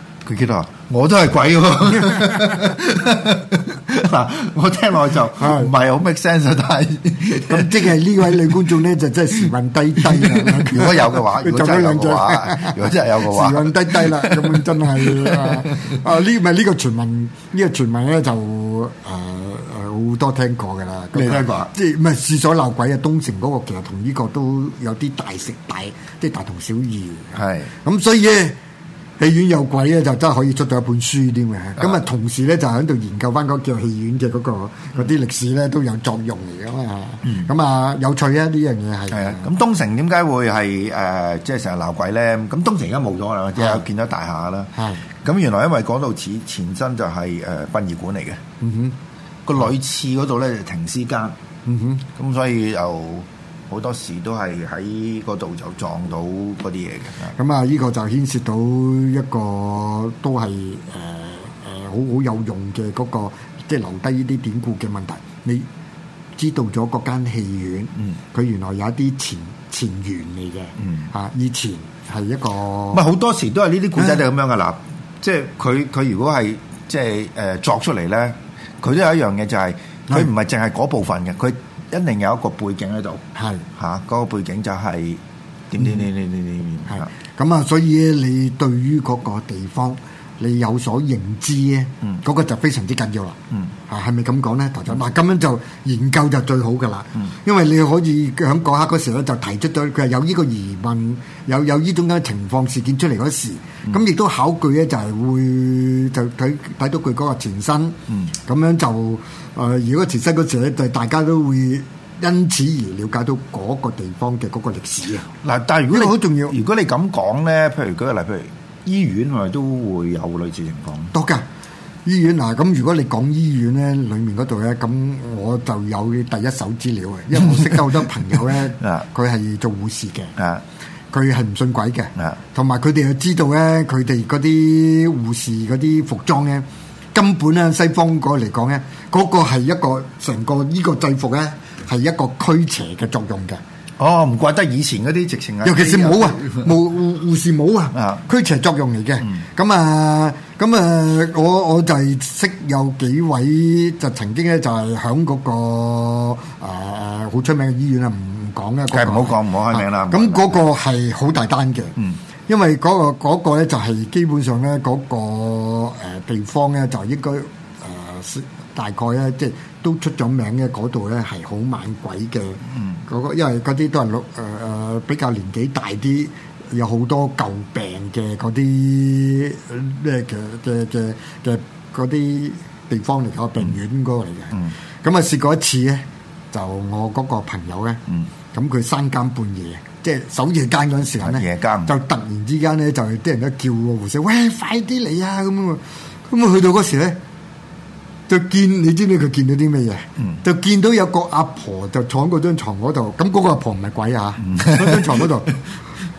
佢幾多啊？我都係鬼喎！嗱，我聽落就唔係好 make sense，但係咁、 嗯、即係呢位女觀眾咧就真係時運低低啦。 如果有嘅話，如果真係有嘅 如果真係有嘅話， 時運低低啦，咁 樣真係啊！呢咪呢個傳聞，呢個傳聞咧就誒好、呃、多聽過噶啦，你聽過即係唔係廁所鬧鬼啊？東城嗰個其實同呢個都有啲大食大，即、就、係、是、大同小異。係咁 是，所以。戲院有鬼咧，就真係可以出到一本書添嘅。咁啊，同時咧就喺度研究翻嗰個叫戲院嘅嗰、嗰個嗰啲歷史咧，都有作用嚟嘅嘛。咁、嗯、啊，有趣啊，呢樣嘢係。係啊，咁東城點解會係誒、呃，即係成日鬧鬼咧？咁東城而家冇咗啦，即係建咗大廈啦。係的。咁原來因為講到前前身就係誒殯儀館嚟嘅。嗯、哼。個女廁嗰度咧就停屍間。嗯、哼。咁所以又。好多時都係喺嗰度就撞到嗰啲嘢嘅。咁啊，呢個就牽涉到一個都係誒誒好好有用嘅嗰個，即係留低呢啲典故嘅問題。你知道咗嗰間戲院，嗯，佢原來有一啲前前緣嚟嘅，嗯，嚇以前係一個。唔係好多時都係呢啲古仔就咁樣㗎喇。唉，即係佢佢如果係即係誒作出嚟咧，佢都有一樣嘢就係，佢唔係淨係嗰部分嘅，佢。一定有一個背景喺度，係吓嗰個背景就係、是、點點點點點點，係啦、嗯。咁啊、嗯的嗯！所以咧，你對於嗰個地方。你有所認知咧，嗰、嗯、個就非常之緊要啦。嚇、嗯，係咪咁講咧，台長？嗱，咁樣就研究就最好噶啦。嗯、因為你可以響嗰刻嗰時咧，就提出咗佢係有呢個疑問，有有呢種咁嘅情況事件出嚟嗰時，咁亦都考據咧，就係會就睇睇到佢嗰個前身。咁、嗯、樣就誒、呃，如果前身嗰時咧，就大家都會因此而了解到嗰個地方嘅嗰個歷史啊。嗱，但係如果你好重要，如果你咁講咧，譬如嗰個例，譬如。醫院咪都會有類似情況。多㗎，醫院。嗱，咁，如果你講醫院咧，裏面嗰度咧，咁我就有第一手資料嘅，因為我識得好多朋友咧，佢係做護士嘅，佢係唔信鬼嘅，同埋佢哋又知道咧，佢哋嗰啲護士嗰啲服裝咧，根本咧西方嗰嚟講咧，嗰個係一個成個呢個制服咧，係一個驅邪嘅作用嘅。哦，唔怪得以前嗰啲直情啊，尤其是冇啊，護護士冇啊，驅邪作用嚟嘅。咁啊、嗯，咁啊、嗯嗯嗯，我我就係識有幾位就曾經咧就係響嗰個誒誒好出名嘅醫院，那個、啊，唔講咧，梗係唔好講，唔好開名啦。咁嗰、啊嗯、個係好大單嘅，嗯、因為嗰、那個嗰、那個咧就係基本上咧嗰個誒地方咧就應該誒、呃、大概咧即係。就是都出咗名嘅嗰度咧，係好猛鬼嘅。嗰個、嗯、因為嗰啲都係老誒誒比較年紀大啲，有好多舊病嘅嗰啲咩嘅嘅嘅嘅啲地方嚟嘅病院嗰個嚟嘅。咁啊、嗯，試、嗯、過一次咧，就我嗰個朋友咧。咁佢、嗯、三更半夜，即係守夜更嗰陣時候咧，夜就突然之間咧，就啲人都叫喎胡生，喂，快啲嚟啊！咁啊，咁啊，去到嗰時咧。就見你知唔知佢見到啲乜嘢？嗯、就見到有個阿婆就坐喺嗰張床嗰度，咁嗰個阿婆唔係鬼啊！嗰張、嗯、床嗰度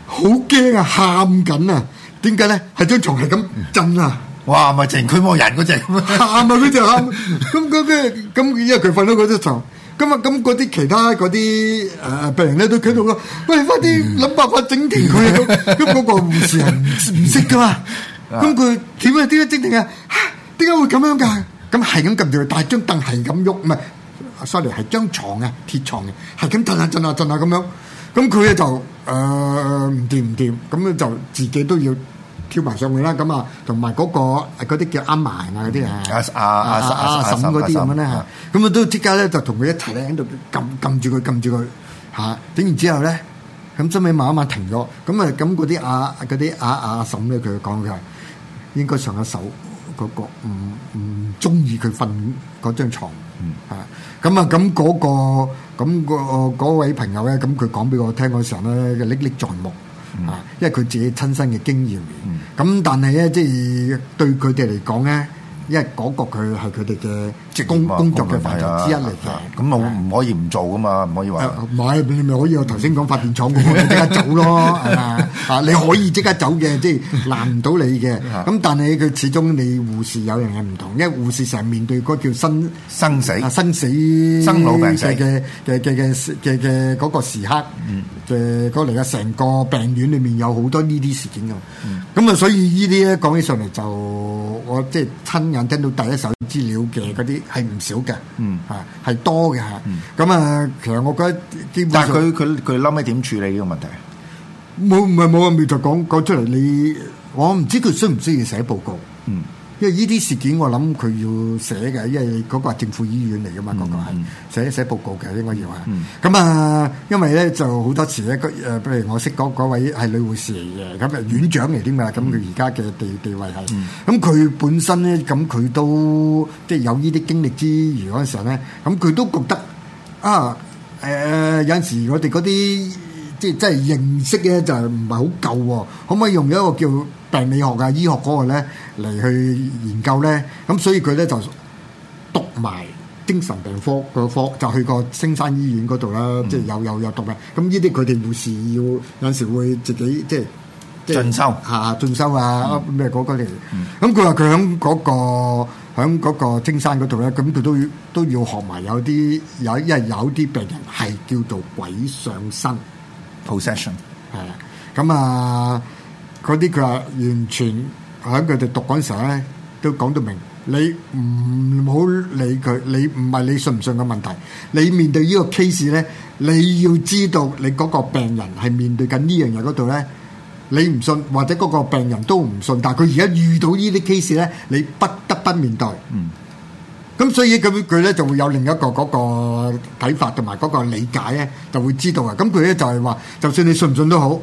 好驚啊，喊緊啊！點解咧？係張床係咁震啊！嗯、哇，咪淨驅魔人嗰隻，喊啊！嗰隻喊，咁嗰、 嗰個，咁因為佢瞓喺嗰張床，咁啊，咁嗰啲其他嗰啲誒病人咧都喺度咯。喂，快啲諗辦法整停佢，咁、嗯、嗰個護士唔唔識噶嘛？咁佢點啊？點樣整停啊？點解會咁樣噶？咁係咁撳住佢，但係張凳係咁喐，唔係 sorry 係張牀嘅鐵牀嘅，係咁震下震下震下咁樣。咁佢咧就誒唔掂唔掂，咁咧就自己都要跳埋上去啦。咁啊，同埋嗰個嗰啲叫啱埋啊嗰啲啊，阿阿阿阿嬸嗰啲咁樣啦嚇。咁啊都即刻咧就同佢一齊喺度撳撳住佢撳住佢嚇。整完之後咧，咁最尾慢慢停咗。咁啊咁嗰啲阿嗰啲阿阿嬸咧，佢講佢係應該上一手。嗰個唔唔中意佢瞓嗰張牀，嗯啊，咁啊咁嗰個咁個嗰位朋友咧，咁佢講俾我聽嗰時候咧，就歷歷在目，嗯、啊，因為佢自己親身嘅經驗，咁、嗯、但係咧，即係對佢哋嚟講咧。一嗰個佢係佢哋嘅職工工作嘅範疇之一嚟嘅，咁我唔可以唔做噶嘛，唔可以話，唔係，你咪可以我頭先講發電廠嗰啲即刻走咯，係嘛啊？你可以即刻走嘅，即、就、係、是、難唔到你嘅。咁但係佢始終你護士有人係唔同，因為護士成面對嗰叫生生死、啊、生死生老病死嘅嘅嘅嘅嘅嗰個時刻，誒、嗯，嗰嚟嘅成個病院裏面有好多呢啲事件㗎。咁啊，所以呢啲咧講起上嚟就～我即係親眼聽到第一手資料嘅嗰啲係唔少嘅，吓係、嗯啊、多嘅吓。咁、嗯、啊，其實我覺得基本上，但係佢佢佢諗咩點處理呢個問題？冇唔係冇啊，未就講講出嚟。你我唔知佢需唔需要寫報告。嗯。因為呢啲事件，我諗佢要寫嘅，因為嗰個係政府醫院嚟噶嘛，嗰個係寫一寫報告嘅，應該要係。咁啊，因為咧就好多時咧，誒，譬如我識嗰位係女護士嚟嘅，咁啊院長嚟添嘛。咁佢而家嘅地地位係，咁佢、嗯、本身咧，咁佢都即係有依啲經歷之餘嗰陣時候咧，咁佢都覺得啊，誒、呃、有陣時我哋嗰啲即係真係認識咧就係唔係好夠喎，可唔可以用一個叫病理學啊，醫學嗰個咧嚟去研究咧，咁所以佢咧就讀埋精神病科佢個科，就去過青山醫院嗰度啦，嗯、即係有有有讀嘅。咁呢啲佢哋護士要有時會自己即係進修嚇、啊、進修啊咩嗰嗰啲。咁佢話佢喺嗰個喺嗰個青山嗰度咧，咁佢都都要學埋有啲有，因為有啲病人係叫做鬼上身，possession 係啊。咁啊 Poss ession.～、嗯嗯嗯嗯嗰啲佢話完全喺佢哋讀嗰陣時咧，都講到明。你唔好理佢，你唔係你信唔信嘅問題。你面對呢個 case 咧，你要知道你嗰個病人係面對緊呢樣嘢嗰度咧。你唔信或者嗰個病人都唔信，但係佢而家遇到呢啲 case 咧，你不得不面對。嗯。咁所以咁樣佢咧就會有另一個嗰個睇法同埋嗰個理解咧，就會知道啊。咁佢咧就係話，就算你信唔信都好。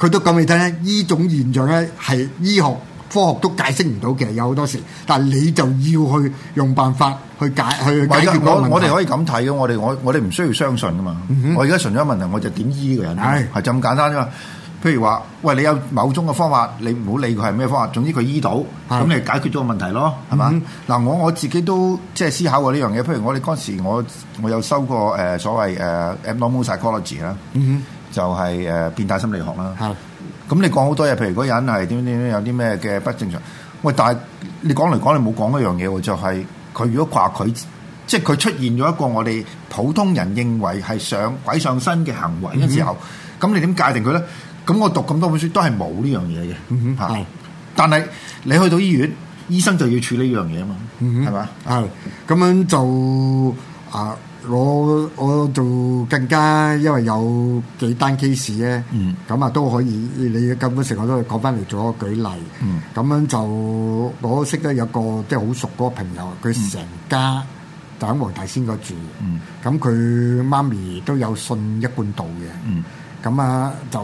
佢都講你聽咧，依種現象咧係醫學科學都解釋唔到嘅，有好多事。但係你就要去用辦法去解去解決個問題。我哋可以咁睇嘅，我哋我我哋唔需要相信噶嘛。嗯、哼我而家純咗個問題，我就點醫呢個人？係就咁簡單啫嘛。譬如話，喂，你有某種嘅方法，你唔好理佢係咩方法，總之佢醫到，咁的你解決咗個問題咯，係嘛？嗱、嗯哼，我我自己都即係思考過呢樣嘢。譬如我哋嗰陣時，我我有收過誒所謂誒 abnormal psychology 啦。嗯就係、係、誒、呃、變態心理學啦。咁的你講好多嘢，譬如嗰人係點點有啲咩嘅不正常。喂，但係你講嚟講，你冇講一樣嘢喎，就係、係、佢如果話佢即係佢出現咗一個我哋普通人認為係上鬼上身嘅行為嘅時候，咁、嗯、你點界定佢咧？咁我讀咁多本書都係冇呢樣嘢嘅。係、嗯，但係你去到醫院，醫生就要處理呢樣嘢啊嘛。係嘛？係咁樣就啊。我我就更加，因為有幾單 case 咧，咁啊、嗯、都可以，你根本成我都講翻嚟做一個舉例，咁樣、嗯、就我識得有個即係好熟嗰個朋友，佢成家就喺黃大仙嗰住，咁佢、嗯、媽咪都有信一半道嘅，咁啊、嗯、就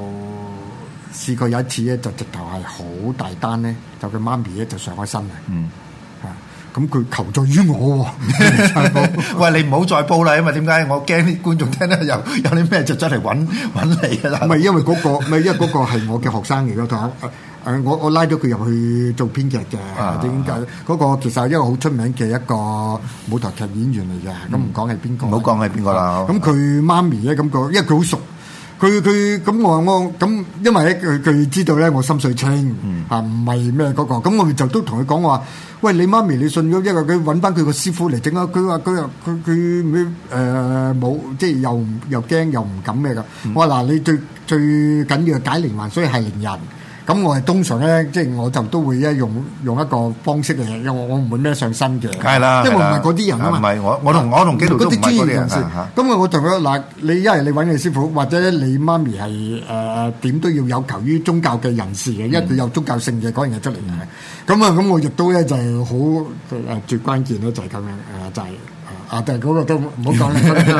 試過有一次咧，就直頭係好大單咧，就佢媽咪咧就上開身嚟。嗯咁佢求助於我喎，喂你唔好再報啦，因為點解？我驚啲觀眾聽得有有啲咩就真係揾揾你㗎啦。唔係因為嗰個，唔係因為嗰個係我嘅學生嚟嘅，講誒我我拉咗佢入去做編劇嘅，點解？嗰個其實係一個好出名嘅一個舞台劇演員嚟嘅，咁唔講係邊個？唔好講係邊個啦。咁佢媽咪咧，咁個因為佢好熟。佢佢咁我我咁，因為咧佢佢知道咧我心水清嚇，唔係咩嗰個。咁我哋就都同佢講話，喂，你媽咪你信咗，因為佢揾翻佢個師傅嚟整啊。佢話佢又佢佢誒冇，即係又又驚又唔敢咩噶，mm. 我話嗱，你最最緊要解靈環，所以係靈人。咁我係通常咧，即係我就都會咧用用一個方式嚟，的因為我唔會孭上身嘅。梗係啦，因為唔係嗰啲人啊嘛。唔係我我同我同基督徒係嗰啲人士。咁啊、嗯，我同佢嗱，你一係你揾嘅師傅或者你媽咪係誒點都要有求於宗教嘅人士嘅，因為有宗教性嘅樣嘢出嚟嘅。咁啊，咁我亦都咧就係好誒，最關鍵囉就係咁樣誒，就係、呃呃、啊，但係嗰個都唔好講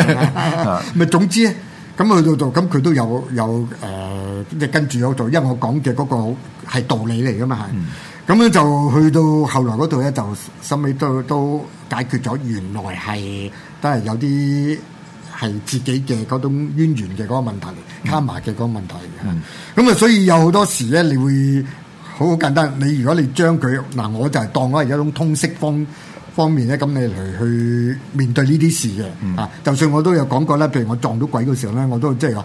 啦。咪總之咧，咁去到度，咁佢都有有誒。你跟住我做，因為我講嘅嗰個係道理嚟噶嘛，係、嗯。咁咧就去到後來嗰度咧，就心裏都都解決咗。原來係都係有啲係自己嘅嗰種淵源嘅嗰個問題，卡埋嘅嗰個問題。咁啊、嗯，嗯、所以有好多時咧，你會好簡單。你如果你將佢嗱，我就係當我係一種通識方方面咧，咁你嚟去面對呢啲事嘅、嗯、啊。就算我都有講過咧，譬如我撞到鬼嘅時候咧，我都即係話。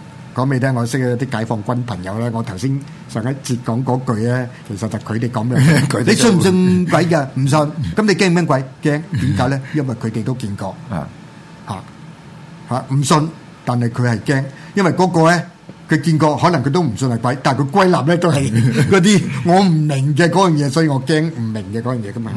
講未聽？我識啊！啲解放軍朋友咧，我頭先上一節講嗰句咧，其實就佢哋講嘅。佢哋你信唔信鬼噶？唔信。咁你驚唔驚鬼？驚。點解咧？因為佢哋都見過。啊。吓吓，唔信，但係佢係驚，因為嗰個咧。佢見過，可能佢都唔算係鬼，但係佢歸納咧都係嗰啲我唔明嘅嗰樣嘢，所以我驚唔明嘅嗰樣嘢噶嘛。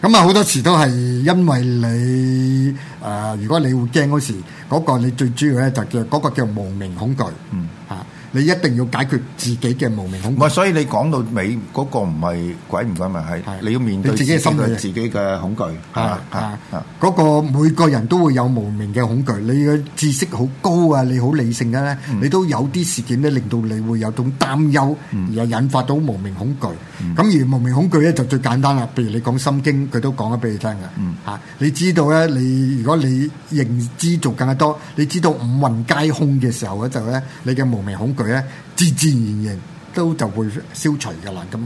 咁啊好多時都係因為你誒、呃，如果你會驚嗰時，嗰、嗰個你最主要咧就叫嗰個、叫嗰、嗰個、叫無名恐懼，嗯嚇。啊你一定要解決自己嘅無名恐懼。唔係，所以你講到尾嗰個唔係鬼唔鬼咪係，你要面對面對自己嘅心理，自己嘅恐懼嚇嚇。嗰個每個人都會有無名嘅恐懼。你嘅知識好高啊，你好理性咧，你都有啲事件咧令到你會有種擔憂，而引發到無名恐懼。咁而無名恐懼咧就最簡單啦。譬如你講心經，佢都講咗俾你聽嘅嚇。你知道咧，你如果你認知做更加多，你知道五蘊皆空嘅時候咧，就咧你嘅無名恐懼。佢咧，自自然然都就會消除嘅啦。咁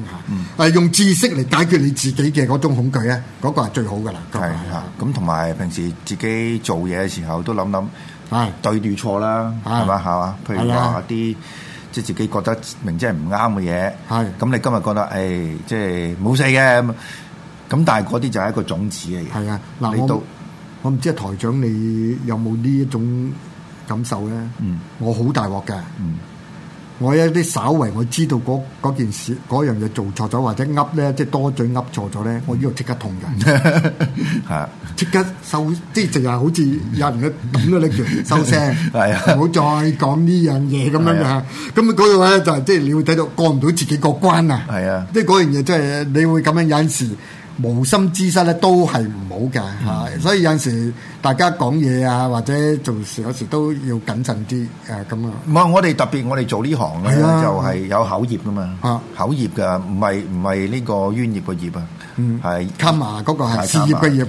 嚇，係用知識嚟解決你自己嘅嗰種恐懼咧，嗰個係最好嘅啦。係啊，咁同埋平時自己做嘢嘅時候都諗諗，係對對錯啦，係嘛係嘛。譬如話啲即係自己覺得明知係唔啱嘅嘢，係咁你今日覺得誒，即係冇事嘅咁，咁但係嗰啲就係一個種子嚟嘅。係啊，嗱我我唔知啊，台長你有冇呢一種感受咧？嗯，我好大鑊嘅。嗯。我有啲稍為我知道嗰件事嗰樣嘢做錯咗，或者噏咧即多嘴噏錯咗咧，我呢度即刻痛緊，係啊， 即刻收即成日好似人嘅噉拎住收聲，係啊，唔好 的再講呢的樣嘢咁樣嘅，嚇，咁啊嗰度咧就即係你會睇到過唔到自己個關啊，係啊的，即嗰樣嘢即係你會咁樣有陣時。無心之失咧都係唔好嘅，吓、嗯，所以有陣時大家講嘢啊，或者做事有時都要謹慎啲，誒咁啊。唔係我哋特別，我哋做行呢行咧、啊、就係有口業噶嘛，啊、口業噶，唔係唔係呢個冤業嗰業啊。嗯，係。卡嘛嗰個係，事業、畢業，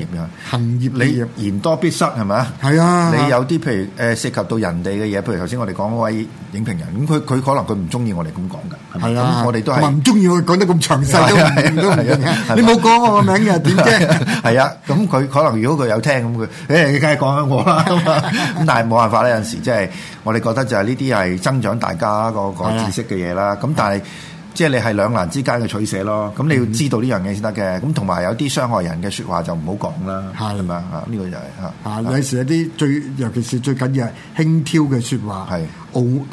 行業。你言多必失係咪啊？係啊。你有啲譬如誒涉及到人哋嘅嘢，譬如頭先我哋講嗰位影評人，咁佢佢可能佢唔中意我哋咁講噶。係啊。我哋都係唔中意佢講得咁詳細，都唔都唔嘅。你冇講我個名嘅，點？係啊，咁佢可能如果佢有聽咁佢，誒，你梗係講緊我啦嘛。咁但係冇辦法咧，有陣時即係我哋覺得就係呢啲係增長大家個個知識嘅嘢啦。咁但係。即係你係兩難之間嘅取捨咯，咁你要知道呢樣嘢先得嘅。咁同埋有啲傷害人嘅説話就唔好講啦。係嘛是？啊，呢個就係、是、嚇。嚇！有時有啲最，尤其是最緊要係輕佻嘅説話，係傲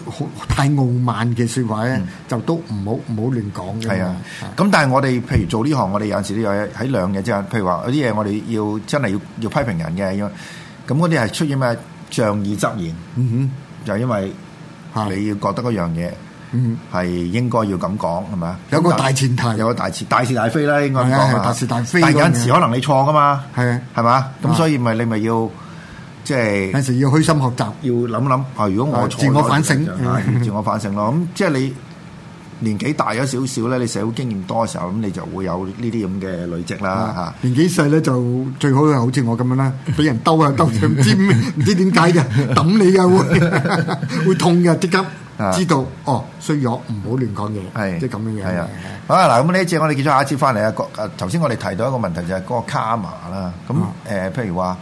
太傲慢嘅説話咧，是就都唔好唔好亂講嘅。係啊。咁是但係我哋譬如做呢行，我哋有陣時都有喺兩嘢之間。譬如話有啲嘢我哋要真係要要批評人嘅，咁嗰啲係出現咩仗義執言？哼的， 就因為你要覺得嗰樣嘢。嗯，係應該要咁講，係咪？有個大前提，有個大前大是大非啦，應該講大是大非。但有陣時可能你錯噶嘛，係啊的，係嘛的？咁的所以咪你咪要即係有陣時要虛心學習，要諗諗啊！如果我錯自我反省，啊、自我反省咯。咁是的 即係你。年紀大咗少少咧，你社會經驗多嘅時候，咁你就會有呢啲咁嘅累積啦嚇。年紀細咧就最好係好似我咁樣啦，俾人兜下兜，唔 知唔知點解嘅，揼 你嘅會會痛嘅，即刻知道的哦衰咗，唔的好亂講嘢，即係咁樣嘅。係啊，好啊嗱，咁呢一節我哋結咗下一節翻嚟啊。國頭先我哋提到一個問題就係、是、嗰個卡瑪啦。咁誒、呃，譬如話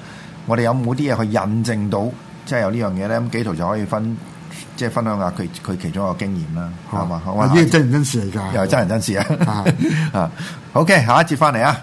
我哋有冇啲嘢去印證到即係有呢樣嘢咧？咁紀陶就可以分。 即係分享下佢佢其中一個經驗啦，係嘛吧？呢個真唔真實嚟㗎？又係、啊、真人真事啊！啊，好嘅，下一節翻嚟啊！